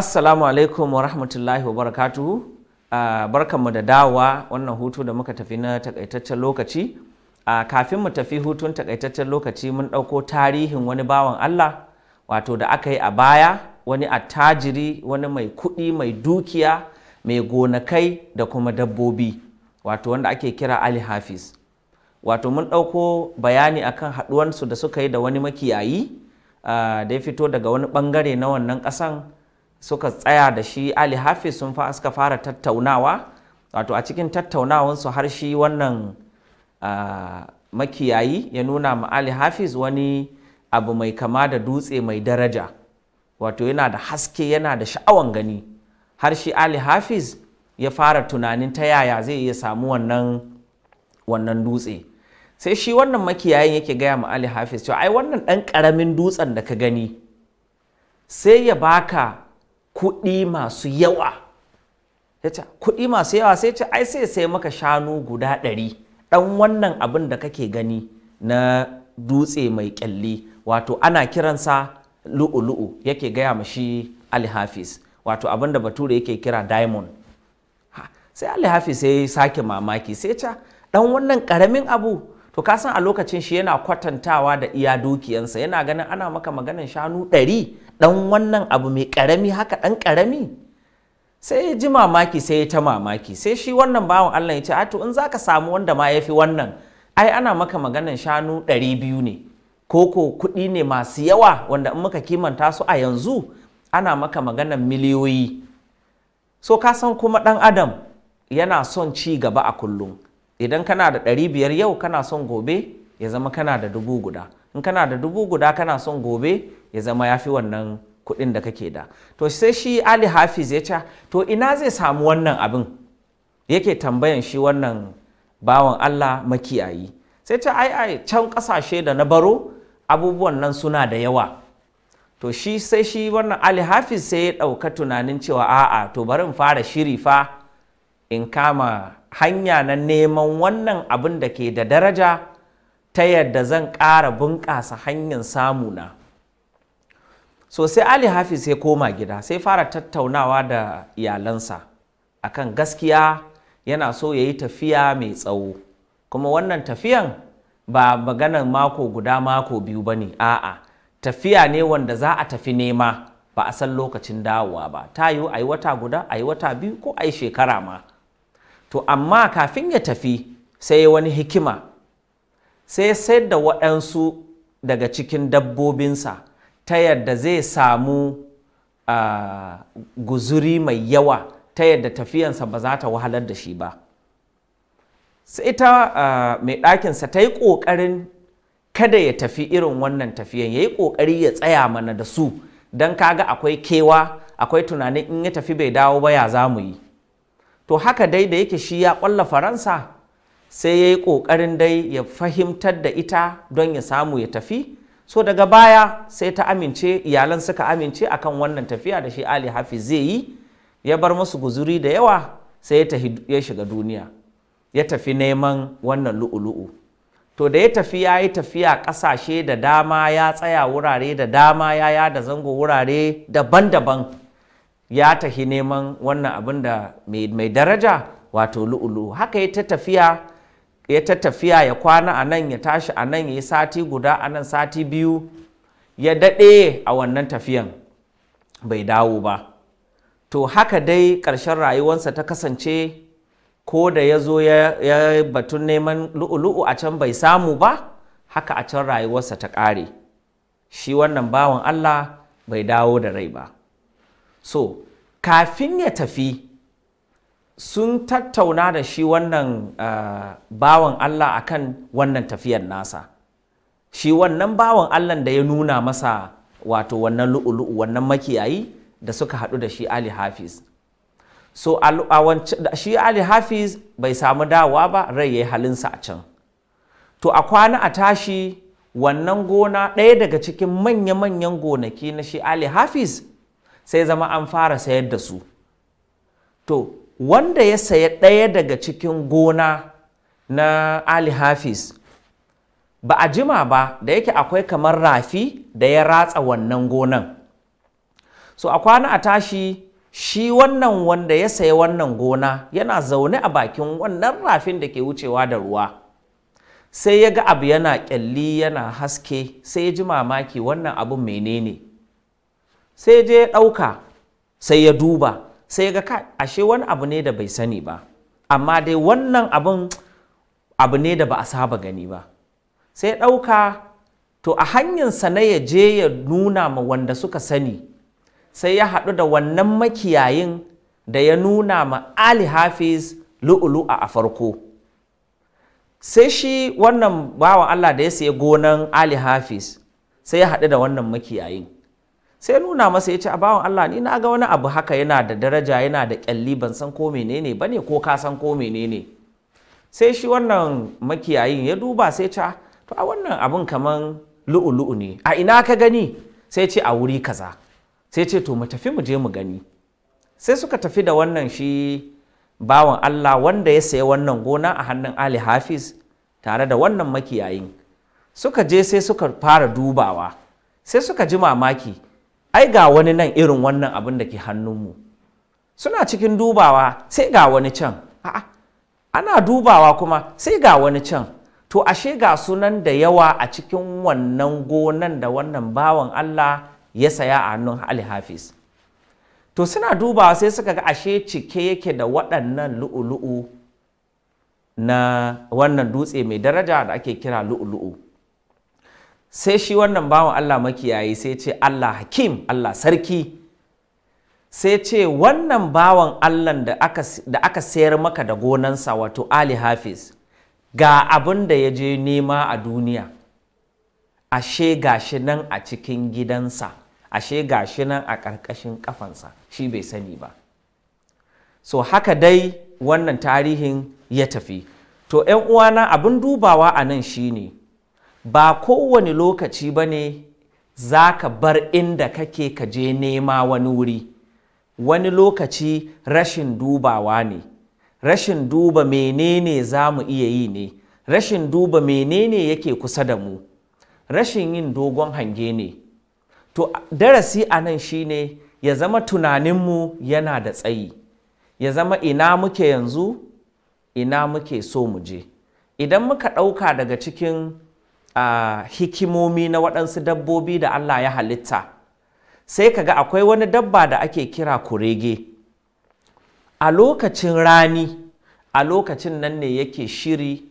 assalamu alaikum wa rahmatullahi wa barakatuhu ah, barkanmu da dawa wannan hutu da muka tafi na takaitaccen lokaci a ah, kafin mu tafi hutun takaitaccen lokaci mun ɗauko tarihin wani bawan Allah wato da aka yi a baya wani attajiri wani mai kuɗi mai dukiya mai gonakai da kuma dabbobi wato wanda ake kira Ali Hafiz wato mun ɗauko bayani akan haɗuwansu da suka yi da wani makiyayi ah, da ya fito daga wani bangare na wannan ƙasan suka tsaya da shi ali hafiz sun fa suka fara tattaunawa wato a cikin su har shi wannan makiyayi ya nuna ma ali hafiz wani abu mai kama da dutse mai daraja wato yana da haske yana da sha'awan gani har shi ali hafiz ya fara tunanin ta yaya zai iya samu wannan wannan dutse sai shi wannan makiyayin yake gaya ma ali hafiz cewa ai wannan ɗan ƙaramin dutsen da ka gani sai ya baka kuɗi masu yawa ya kuɗi masu yawa sai ce ai sai sai maka shanu guda ɗari ɗan wannan abin da kake gani na dutse mai ƙyalli wato ana kiransa lu'ulu'u yake gaya ma shi alhafis wato abin da bature yake kira diamond sai alhafis sai sake mamaki sai ce ɗan wannan ƙaramin abu to ka a lokacin shi yana kwatantawa da iya dukiyansa yana ganin ana maka maganan shanu ɗari ɗan wannan abu mai ƙarami haka ɗan ƙarami sai ya ji mamaki sai ya ta mamaki sai shi wannan bawan Allah ya ce a to in za ka samu wanda ma ya fi wannan ai ana maka maganan shanu ɗari biyu ne ko kuɗi ne masu yawa wanda in muka kimanta su a yanzu ana maka maganan miliyoyi so ka san kuma ɗan adam yana son ci gaba a kullum idan kana da ɗari biyar yau kana son gobe ya zama kana da dubu guda in kana da dubu guda kana son gobe ya zama ya fi wannan kuɗin da kake da to sai shi ali hafiz ya ce to ina zai samu wannan abin yake tambayan shi wannan bawan allah makiyayi sai ta ai ai can ƙasashe da na baro abubuwan nan suna da yawa to shi sai shi wannan ali hafiz sai ya ɗauka tunanin cewa a'a to bari in fara shiri fa in kama hanya na neman wannan abin da ke da daraja ta yadda zan ƙara bunƙasa hanyar samuna so sai ali hafiz sai koma gida sai fara tattaunawa da iyalansa akan gaskiya yana so ya yi tafiya mai tsawo kuma wannan tafiyan ba maganan mako guda mako biyu ba ne a'a tafiya ne wanda za a tafi nema ba a san lokacin dawowa ba ta yiwu a yi wata guda a yi wata biyu ko a yi shekara ma to amma kafin ya tafi sai wani hikima sai sayar da waɗansu daga cikin dabbobinsa ta yadda zai samu uh, guzuri mai yawa ta yadda tafiyansa ba za ta wahalar da shi ba sai ita uh, mai ɗakinsa ta yi ƙoƙarin kada ya tafi irin wannan tafiyan ya yi ƙoƙari ya tsaya mana da su don kaga akwai kewa akwai tunanin in ya tafi bai dawo ba ya za mu yi to haka dai da yake shi ya ƙwalla faransa sai ya yi ƙoƙarin dai ya fahimtar da ita don ya samu ya tafi so daga baya sai ta amince iyalan suka amince akan wannan tafiya da shi ali hafiz zai yi ya bar musu guzuri da yawa sai ya shiga duniya ya tafi neman wannan lu'ulu'u to da ya tafi ya yi tafiya ƙasashe da dama ya tsaya wurare da dama ya yada zango wurare daban-daban ya tahi neman wannan abin da mai daraja wato lu'ulu haka ya ta tafiya ya kwana a nan ya tashi a nan ya yi sati guda a nan sati biyu ya daɗe a wannan tafiyan bai dawo ba to haka dai ƙarshen rayuwarsa ta kasance ko da ya zo ya batun neman lu'ulu'u a can bai samu ba haka a can rayuwarsa ta ƙare shi wannan bawan Allah bai dawo da rai ba so kafin ya tafi sun tattauna da shi wannan uh, bawan Allah akan wannan tafiyar nasa shi wannan bawan Allah da ya nuna masa wato wannan lu'ulu'u wannan makiyayi da suka haɗu da shi Ali Hafiz so shi Ali Hafiz bai samu dawa ba rai ya yi halinsa a can to a kwana a tashi wannan gona ɗaya daga cikin manya-manyan gonaki na shi Ali Hafiz sai zama an fara sayar da su to wanda ya saya ɗaya daga cikin gona na ali hafiz ba a jima ba da yake akwai kamar rafi da ya ratsa wannan gonan so a kwana a tashi shi wannan wanda ya saya wannan gona yana zaune a bakin wannan rafin da ke wucewa da ruwa sai ya ga abu yana ƙyalli yana haske sai ya ji mamaki wannan abun menene sai je ya ɗauka sai ya duba sai ga ka ashe wani abu ne da bai sani ba amma dai wannan abin abu ne da ba a saba gani ba sai ɗauka to a hanyarsa na ya je ya nuna ma wanda suka sani sai ya haɗu da wannan makiyayin da ya nuna ma Ali Hafiz lu'ulu a farko sai shi wannan bawan Allah da ya sayi gonan Ali Hafiz sai ya haɗu da wannan makiyayin sai nuna masa ya ce a bawan Allah ni na ga wani abu haka yana da daraja yana da kyalli ban san ko menene ba ne ko ka san ko menene sai shi wannan makiyayin ya duba sai ce to a wannan abun kaman lu'ulu'u ne a ina ka gani sai ce a wuri kaza sai ce to mu tafi mu je mu gani sai suka tafi da wannan shi bawan Allah wanda ya sayi wannan gona a hannun Ali Hafiz tare da wannan makiyayin suka je sai suka fara dubawa sai suka ji mamaki ai ga wani nan irin wannan abin da ke hannunmu suna cikin dubawa sai ga wani can ana dubawa kuma sai ga wani can to ashe ga sunan da yawa a cikin wannan gonan da wannan bawan Allah ya saya a hannun Ali Hafiz to suna dubawa sai suka ga ashe cike yake da waɗannan lu'ulu'u na wannan dutse mai daraja da ake kira lu'ulu'u sai shi wannan bawan Allah makiyayi sai ce Allah hakim Allah sarki sai ce wannan bawan Allah da aka, sayar maka da gonansa wato Ali Hafiz ga abin da ya je nema a duniya ashe gashi nan a cikin gidansa ashe gashi nan a ƙarƙashin ƙafansa shi bai sani ba so haka dai wannan tarihin ya tafi to 'yan uwana abin dubawa a nan shine ba kowane lokaci ba ne za ka bar inda kake ka je nema wani wuri wani lokaci rashin dubawa ne rashin duba menene za mu iya yi ne rashin duba menene yake kusa da mu rashin yin dogon hange ne to darasi a nan shi ne ya zama tunaninmu yana da tsayi ya zama ina muke yanzu ina muke so mu je idan muka ɗauka daga cikin hikimomi na waɗansu dabbobi da Allah ya halitta sai ka ga akwai wani dabba da ake kira kurege a lokacin rani a lokacin nan ne yake shiri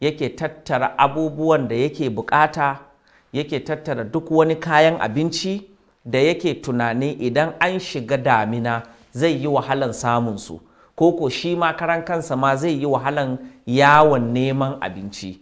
yake tattara abubuwan da yake bukata yake tattara duk wani kayan abinci da yake tunani idan an shiga damina zai yi wahalan samunsu ko ko shi ma karan kansa ma zai yi wahalan yawon neman abinci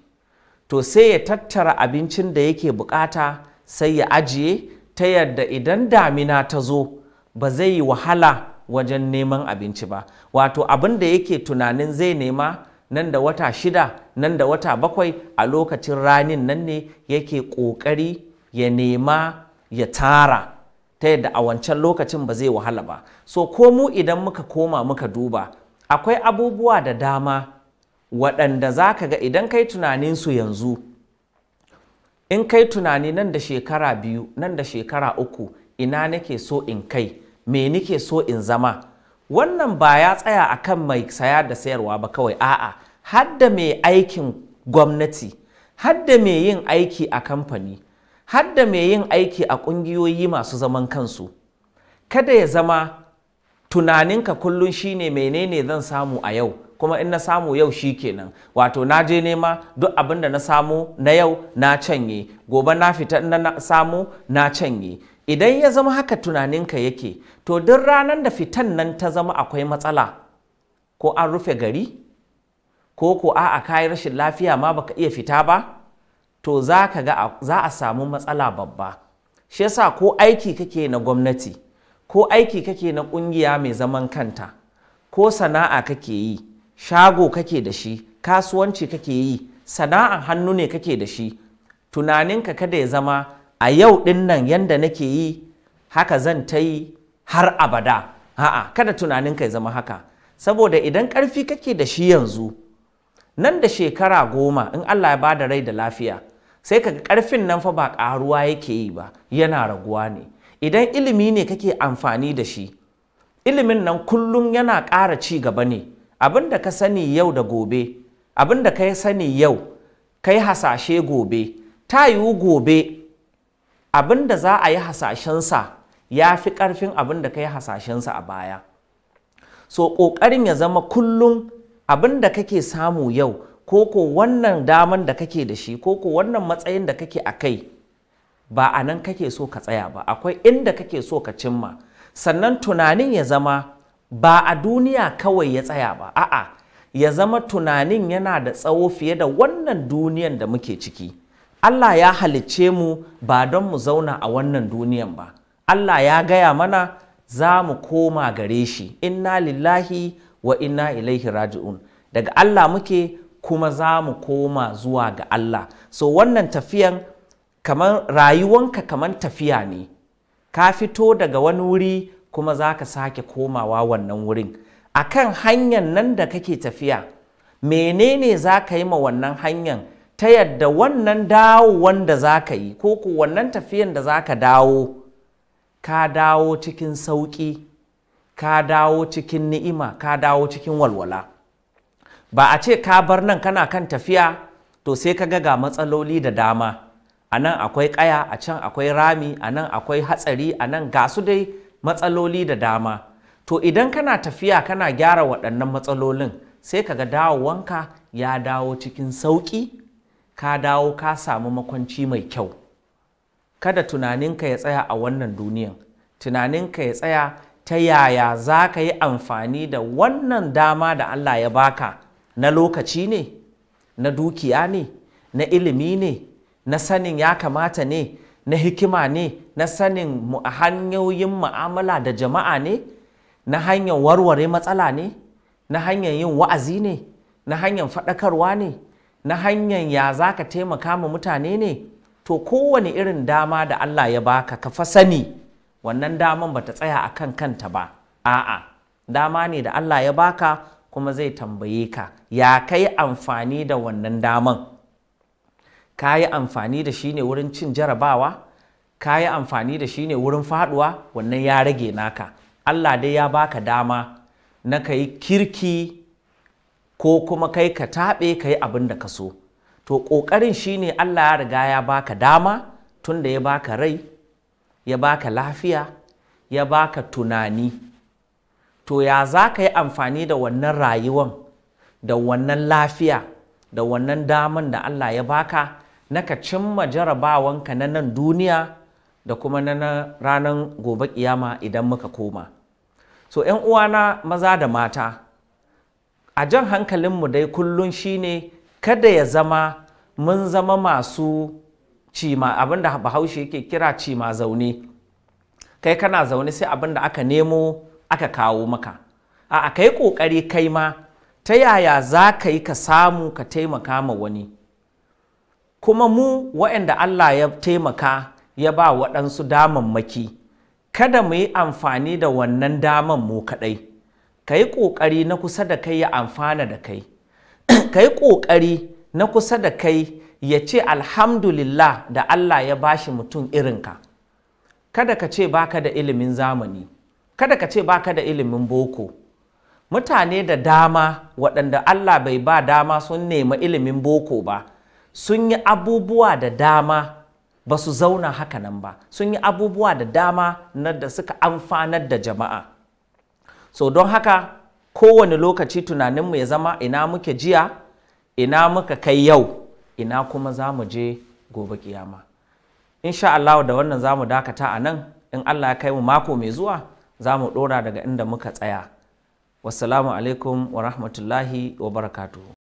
to sai ya tattara abincin da yake bukata sai ya ajiye ta yadda idan damina ta zo ba zai yi wahala wajen neman abinci ba wato abin da yake tunanin zai nema nan da wata shida nan da wata bakwai a lokacin ranin nan ne yake ƙoƙari ya nema ya tara ta yadda a wancan lokacin ba zai wahala ba so ko mu idan muka koma muka duba akwai abubuwa da dama waɗanda za ka ga idan kai tunaninsu yanzu in kai tunani nan da shekara biyu nan da shekara uku ina nake so in kai me nake so in zama wannan ba ya tsaya akan mai saya da sayarwa ba kawai a'a hadda mai aikin gwamnati hadda mai yin aiki a kamfani hadda mai yin aiki a ƙungiyoyi masu zaman kansu kada ya zama tunaninka kullum shine menene zan samu a yau kuma in na samu yau shi kenan wato na je nema duk abin da na samu na yau na canye gobe na fita na samu na canye idan ya zama haka tunaninka yake to duk ranar da fitan nan ta zama akwai matsala ko an rufe gari ko ko a kayi rashin lafiya ma baka iya fita ba to za ka ga za a samu matsala babba shi yasa ko aiki kake na gwamnati ko aiki kake na ƙungiya mai zaman kanta ko sana'a kake yi shago kake da shi kasuwanci kake yi sana'an hannu ne kake da shi tunaninka kada ya zama a yau din nan yanda nake yi haka zan ta yi har abada Ha'a kada tunaninka ya zama haka saboda idan karfi kake da shi yanzu nan da shekara goma in Allah ya bada rai da lafiya sai kaga karfin nan fa ba karuwa yake yi ba yana raguwa ne idan ilimi ne kake amfani da shi ilimin nan kullum yana ƙara ci gaba ne abin da ka sani yau da gobe abin da ka sani yau ka yi hasashe gobe ta yiwu gobe abin da za a yi hasashensa ya fi ƙarfin abin da ka yi hasashensa a baya so ƙoƙarin ya zama kullum abin da kake samu yau ko ko wannan daman da kake da shi ko ko wannan matsayin da kake a kai ba a nan kake so ka tsaya ba akwai inda kake so ka cimma sannan tunanin ya zama ba a duniya kawai ya tsaya ba a'a ya zama tunanin yana da tsawo fiye da wannan duniyan da muke ciki Allah ya halicce mu ba don mu zauna a wannan duniyan ba Allah ya gaya mana za mu koma gare shi inna lillahi wa inna ilaihi raji'un daga Allah muke kuma za mu koma zuwa ga Allah so wannan tafiyan kamar rayuwanka kamar tafiya ne ka fito daga wani wuri kuma za ka sake komawa wannan wurin a kan hanyar nan da kake tafiya menene za ka yi ma wannan hanyar ta yadda wannan dawo wanda za ka yi ko ku wannan tafiyan da za ka dawo ka dawo cikin sauƙi ka dawo cikin ni'ima ka dawo cikin walwala ba a ce ka bar nan kana kan tafiya to sai ka ga ga matsaloli da dama a nan akwai ƙaya a can akwai rami a nan akwai hatsari a nan ga dai matsaloli da dama to idan kana tafiya kana gyara waɗannan matsalolin sai ka ga dawowanka ya dawo cikin sauƙi ka dawo ka samu makwanci mai kyau kada tunaninka ya tsaya a wannan duniyan tunaninka ya tsaya ta yaya za ka yi amfani da wannan dama da Allah ya baka na lokaci ne na dukiya ne na ilimi ne na sanin ya kamata ne na hikima ne na sanin hanyoyin mu'amala da jama'a ne na hanyar warware matsala ne na hanyar yin wa'azi ne na hanyar faɗakarwa ne na hanyar ya za ka taimaka ma mutane ne to kowane irin dama da Allah ya baka ka fa sani wannan daman ba ta tsaya a kan kanta ba a'a dama ne da Allah ya baka kuma zai tambaye ka ya kai amfani da wannan daman ka yi amfani da shi ne wurin cin jarabawa ka yi amfani da shi ne wurin faduwa wannan ya rage naka Allah dai ya baka dama na ka yi kirki ko kuma kai ka taɓe ka yi abin da ka so to ƙoƙarin shi ne Allah ya riga ya baka dama tun da ya baka rai ya baka lafiya ya baka tunani to ya za ka yi amfani da wannan rayuwan da wannan lafiya da wannan daman da Allah ya baka na ka cimma jarabawanka na nan duniya da kuma na ranar gobe kiyama idan muka koma so yan uwana maza da mata a jan hankalinmu dai kullum shine kada ya zama mun zama masu cima abinda bahaushe yake kira cima zaune kai kana zaune sai abinda aka nemo aka kawo maka a kai ƙoƙari kai ma ta yaya za ka yi ka samu ka taimaka ma wani kuma mu waɗanda Allah ya taimaka ya ba waɗansu daman maki. kada mu yi amfani da wannan daman mu kaɗai ka yi ƙoƙari na kusa da kai ya amfana da kai ka yi ƙoƙari na kusa da kai ya ce alhamdulillah da Allah ya ba shi mutum irinka kada ka ce baka da ilimin zamani kada ka ce baka da ilimin boko mutane da dama waɗanda Allah bai ba dama sun nema ilimin boko ba sun yi abubuwa da dama ba su zauna haka nan ba sun yi abubuwa da dama na da suka amfanar da jama'a so don haka kowane lokaci tunaninmu ya zama ina muke jiya ina muka kai yau ina kuma za mu je gobe kiyama insha Allah da wannan za mu dakata a nan in Allah ya kai mu mako mai zuwa za mu ɗora daga inda muka tsaya wasu alaikum wa rahmatullahi wa barakatuhu